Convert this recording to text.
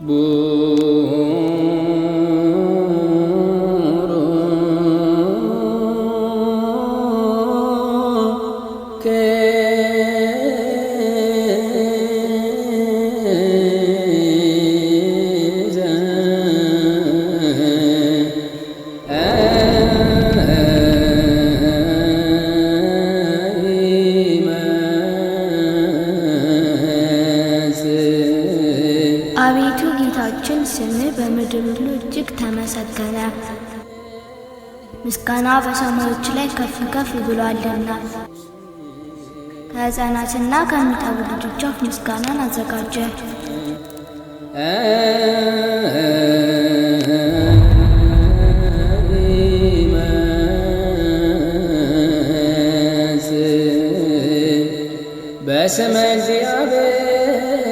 Guru አቤቱ ጌታችን ስም በምድር ሁሉ እጅግ ተመሰገነ፣ ምስጋና በሰማዮች ላይ ከፍ ከፍ ብሏልና። ከሕፃናትና ከሚጠቡ ልጆች አፍ ምስጋናን አዘጋጀ። በስመ እግዚአብሔር